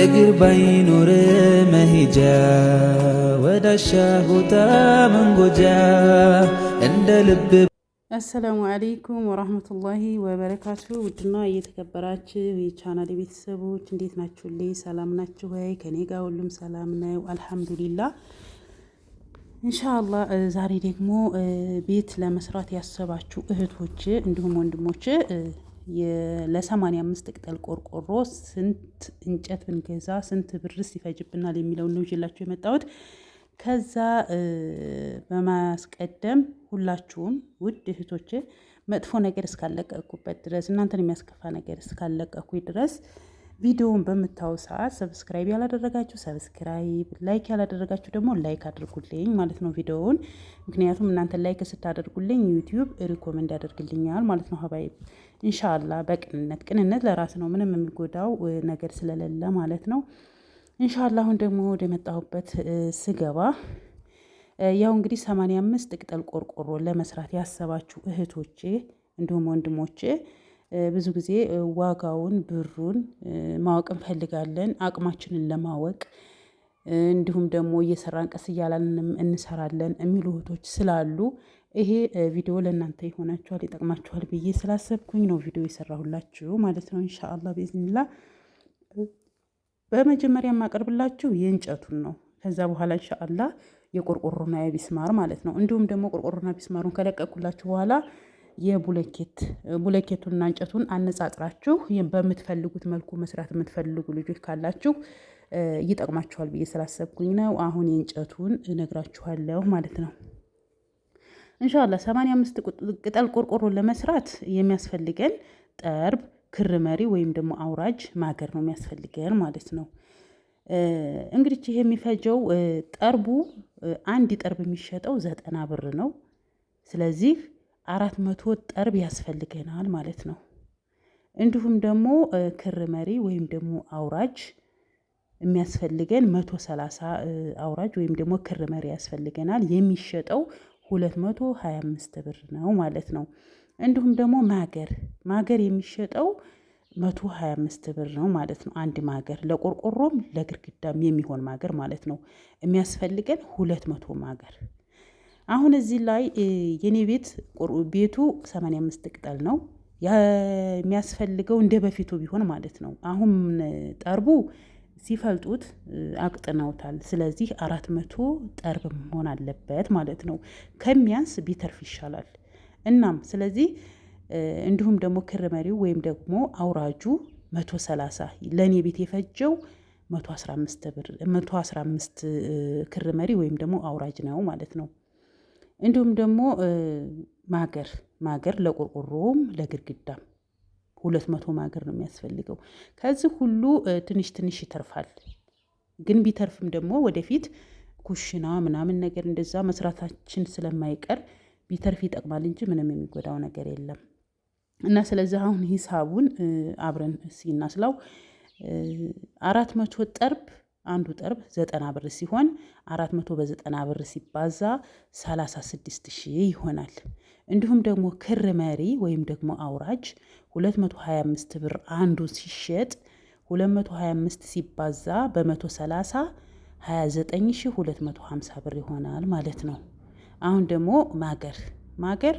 እግር ባይኖር መሄጃ ወዳሻ ቦታ መንጎጃ እንደ ልብ አሰላሙ አለይኩም ወራህመቱላሂ ወበረካቱ። ውድና እየተከበራችሁ የቻናል ቤተሰቦች እንዴት ናችሁልኝ? ሰላም ናችሁ ወይ? ከኔ ጋር ሁሉም ሰላም ነው አልሐምዱሊላ። እንሻአላ ዛሬ ደግሞ ቤት ለመስራት ያሰባችሁ እህቶች እንዲሁም ወንድሞች ለ85 ቅጠል ቆርቆሮ ስንት እንጨት ብንገዛ ስንት ብርስ ይፈጅብናል የሚለውን ነው ይዤላችሁ የመጣሁት። ከዛ በማስቀደም ሁላችሁም ውድ እህቶች መጥፎ ነገር እስካለቀኩበት ድረስ እናንተን የሚያስከፋ ነገር እስካለቀኩ ድረስ ቪዲዮውን በምታው ሰዓት ሰብስክራይብ ያላደረጋችሁ ሰብስክራይብ፣ ላይክ ያላደረጋችሁ ደግሞ ላይክ አድርጉልኝ ማለት ነው ቪዲዮውን። ምክንያቱም እናንተ ላይክ ስታደርጉልኝ ዩቲዩብ ሪኮመንድ ያደርግልኛል ማለት ነው ሀባይ እንሻላ በቅንነት ቅንነት ለራስ ነው፣ ምንም የሚጎዳው ነገር ስለሌለ ማለት ነው። እንሻላ አሁን ደግሞ ወደ መጣሁበት ስገባ ያው እንግዲህ ሰማንያ አምስት ቅጠል ቆርቆሮ ለመስራት ያሰባችሁ እህቶቼ እንዲሁም ወንድሞቼ ብዙ ጊዜ ዋጋውን ብሩን ማወቅ እንፈልጋለን አቅማችንን ለማወቅ እንዲሁም ደግሞ እየሰራን ቀስ እያላለን እንሰራለን የሚሉ እህቶች ስላሉ ይሄ ቪዲዮ ለእናንተ ይሆናችኋል፣ ይጠቅማችኋል ብዬ ስላሰብኩኝ ነው ቪዲዮ የሰራሁላችሁ ማለት ነው። እንሻአላ ቢዝኒላ። በመጀመሪያ የማቀርብላችሁ የእንጨቱን ነው። ከዛ በኋላ እንሻአላ የቆርቆሮና የቢስማር ማለት ነው። እንዲሁም ደግሞ ቆርቆሮና ቢስማሩን ከለቀኩላችሁ በኋላ የቡለኬት ቡለኬቱንና እንጨቱን አነጻጽራችሁ በምትፈልጉት መልኩ መስራት የምትፈልጉ ልጆች ካላችሁ ይጠቅማችኋል ብዬ ስላሰብኩኝ ነው። አሁን የእንጨቱን እነግራችኋለሁ ማለት ነው። እንሻላ 85 ቅጠል ቆርቆሮ ለመስራት የሚያስፈልገን ጠርብ፣ ክር መሪ ወይም ደግሞ አውራጅ ማገር ነው የሚያስፈልገን ማለት ነው። እንግዲህ ይሄ የሚፈጀው ጠርቡ አንድ ጠርብ የሚሸጠው ዘጠና ብር ነው። ስለዚህ አራት መቶ ጠርብ ያስፈልገናል ማለት ነው። እንዲሁም ደግሞ ክር መሪ ወይም ደግሞ አውራጅ የሚያስፈልገን 130 አውራጅ ወይም ደግሞ ክር መሪ ያስፈልገናል። የሚሸጠው 225 ብር ነው ማለት ነው። እንዲሁም ደግሞ ማገር ማገር የሚሸጠው 125 ብር ነው ማለት ነው። አንድ ማገር ለቆርቆሮም ለግርግዳም የሚሆን ማገር ማለት ነው። የሚያስፈልገን 200 ማገር። አሁን እዚህ ላይ የኔ ቤት ቤቱ 85 ቅጠል ነው የሚያስፈልገው እንደ በፊቱ ቢሆን ማለት ነው። አሁን ጠርቡ ሲፈልጡት አቅጥነውታል። ስለዚህ አራት መቶ ጠርብ መሆን አለበት ማለት ነው። ከሚያንስ ቢተርፍ ይሻላል። እናም ስለዚህ እንዲሁም ደግሞ ክር መሪው ወይም ደግሞ አውራጁ መቶ ሰላሳ ለእኔ ቤት የፈጀው መቶ አስራ አምስት ብር መቶ አስራ አምስት ክር መሪ ወይም ደግሞ አውራጅ ነው ማለት ነው። እንዲሁም ደግሞ ማገር ማገር ለቆርቆሮም ለግድግዳም ሁለት መቶ ማገር ነው የሚያስፈልገው። ከዚህ ሁሉ ትንሽ ትንሽ ይተርፋል። ግን ቢተርፍም ደግሞ ወደፊት ኩሽና ምናምን ነገር እንደዛ መስራታችን ስለማይቀር ቢተርፍ ይጠቅማል እንጂ ምንም የሚጎዳው ነገር የለም። እና ስለዚህ አሁን ሂሳቡን አብረን ሲናስላው አራት መቶ ጠርብ አንዱ ጠርብ ዘጠና ብር ሲሆን አራት መቶ በዘጠና ብር ሲባዛ ሰላሳ ስድስት ሺህ ይሆናል። እንዲሁም ደግሞ ክር መሪ ወይም ደግሞ አውራጅ 225 ብር አንዱ ሲሸጥ 225 ሲባዛ በ130 29250 ብር ይሆናል ማለት ነው። አሁን ደግሞ ማገር ማገር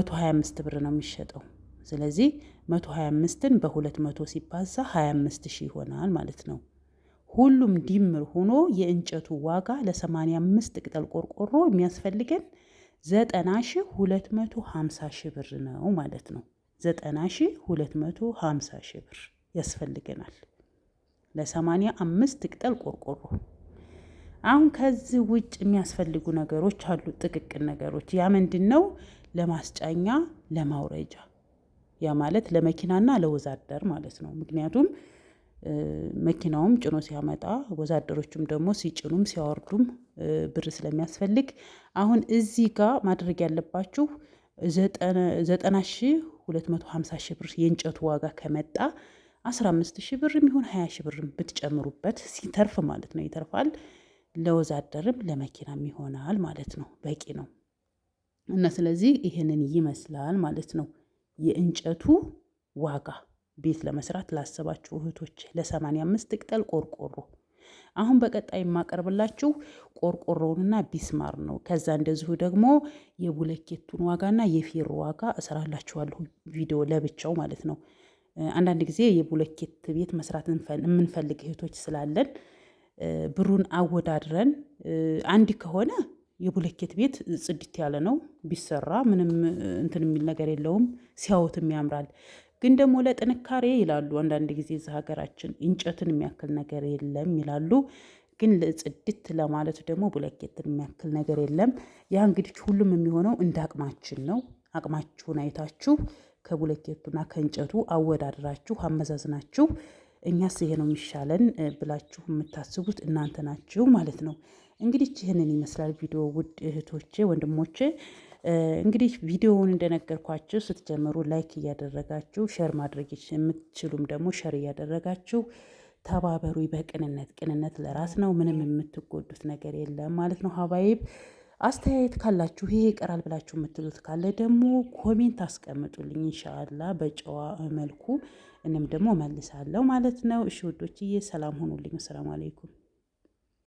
125 ብር ነው የሚሸጠው። ስለዚህ 125ን በ200 ሲባዛ 25 ይሆናል ማለት ነው። ሁሉም ድምር ሆኖ የእንጨቱ ዋጋ ለ85 ቅጠል ቆርቆሮ የሚያስፈልገን ዘጠና ሺህ ሁለት መቶ ሀምሳ ሺ ብር ነው ማለት ነው። ዘጠና ሺህ ሁለት መቶ ሀምሳ ሺ ብር ያስፈልገናል ለሰማንያ አምስት ቅጠል ቆርቆሮ። አሁን ከዚህ ውጭ የሚያስፈልጉ ነገሮች አሉ፣ ጥቅቅን ነገሮች። ያ ምንድን ነው? ለማስጫኛ ለማውረጃ፣ ያ ማለት ለመኪናና ለወዛደር ማለት ነው። ምክንያቱም መኪናውም ጭኖ ሲያመጣ ወዛደሮቹም ደግሞ ሲጭኑም ሲያወርዱም ብር ስለሚያስፈልግ አሁን እዚህ ጋር ማድረግ ያለባችሁ ዘጠና ሺ ሁለት መቶ ሀምሳ ሺ ብር የእንጨቱ ዋጋ ከመጣ አስራ አምስት ሺ ብር የሚሆን ሀያ ሺ ብር ብትጨምሩበት ሲተርፍ ማለት ነው ይተርፋል። ለወዛደርም ለመኪናም ይሆናል ማለት ነው፣ በቂ ነው እና ስለዚህ ይህንን ይመስላል ማለት ነው የእንጨቱ ዋጋ ቤት ለመስራት ላሰባችሁ እህቶች ለ85 ቅጠል ቆርቆሮ አሁን በቀጣይ የማቀርብላችሁ ቆርቆሮውንና ቢስማር ነው። ከዛ እንደዚሁ ደግሞ የቡለኬቱን ዋጋና የፌሮ ዋጋ እሰራላችኋለሁ ቪዲዮ ለብቻው ማለት ነው። አንዳንድ ጊዜ የቡለኬት ቤት መስራት የምንፈልግ እህቶች ስላለን ብሩን አወዳድረን አንድ ከሆነ የቡለኬት ቤት ጽድት ያለ ነው ቢሰራ ምንም እንትን የሚል ነገር የለውም። ሲያዩትም ያምራል። ግን ደግሞ ለጥንካሬ ይላሉ። አንዳንድ ጊዜ እዚህ ሀገራችን እንጨትን የሚያክል ነገር የለም ይላሉ። ግን ለጽድት ለማለት ደግሞ ብሎኬትን የሚያክል ነገር የለም። ያ እንግዲህ ሁሉም የሚሆነው እንደ አቅማችን ነው። አቅማችሁን አይታችሁ ከብሎኬቱና ከእንጨቱ አወዳድራችሁ አመዛዝናችሁ እኛስ ይሄ ነው የሚሻለን ብላችሁ የምታስቡት እናንተ ናችሁ ማለት ነው። እንግዲህ ይህንን ይመስላል ቪዲዮ። ውድ እህቶቼ ወንድሞቼ እንግዲህ ቪዲዮውን እንደነገርኳችሁ ስትጀምሩ ላይክ እያደረጋችሁ ሸር ማድረግ የምትችሉም ደግሞ ሸር እያደረጋችሁ ተባበሩ። በቅንነት ቅንነት ለራስ ነው። ምንም የምትጎዱት ነገር የለም ማለት ነው። ሀባይብ አስተያየት ካላችሁ ይሄ ይቀራል ብላችሁ የምትሉት ካለ ደግሞ ኮሜንት አስቀምጡልኝ። እንሻላ በጨዋ መልኩ እንም ደግሞ መልሳለሁ ማለት ነው። እሺ ውዶችዬ፣ ሰላም ሆኑልኝ። ሰላም አለይኩም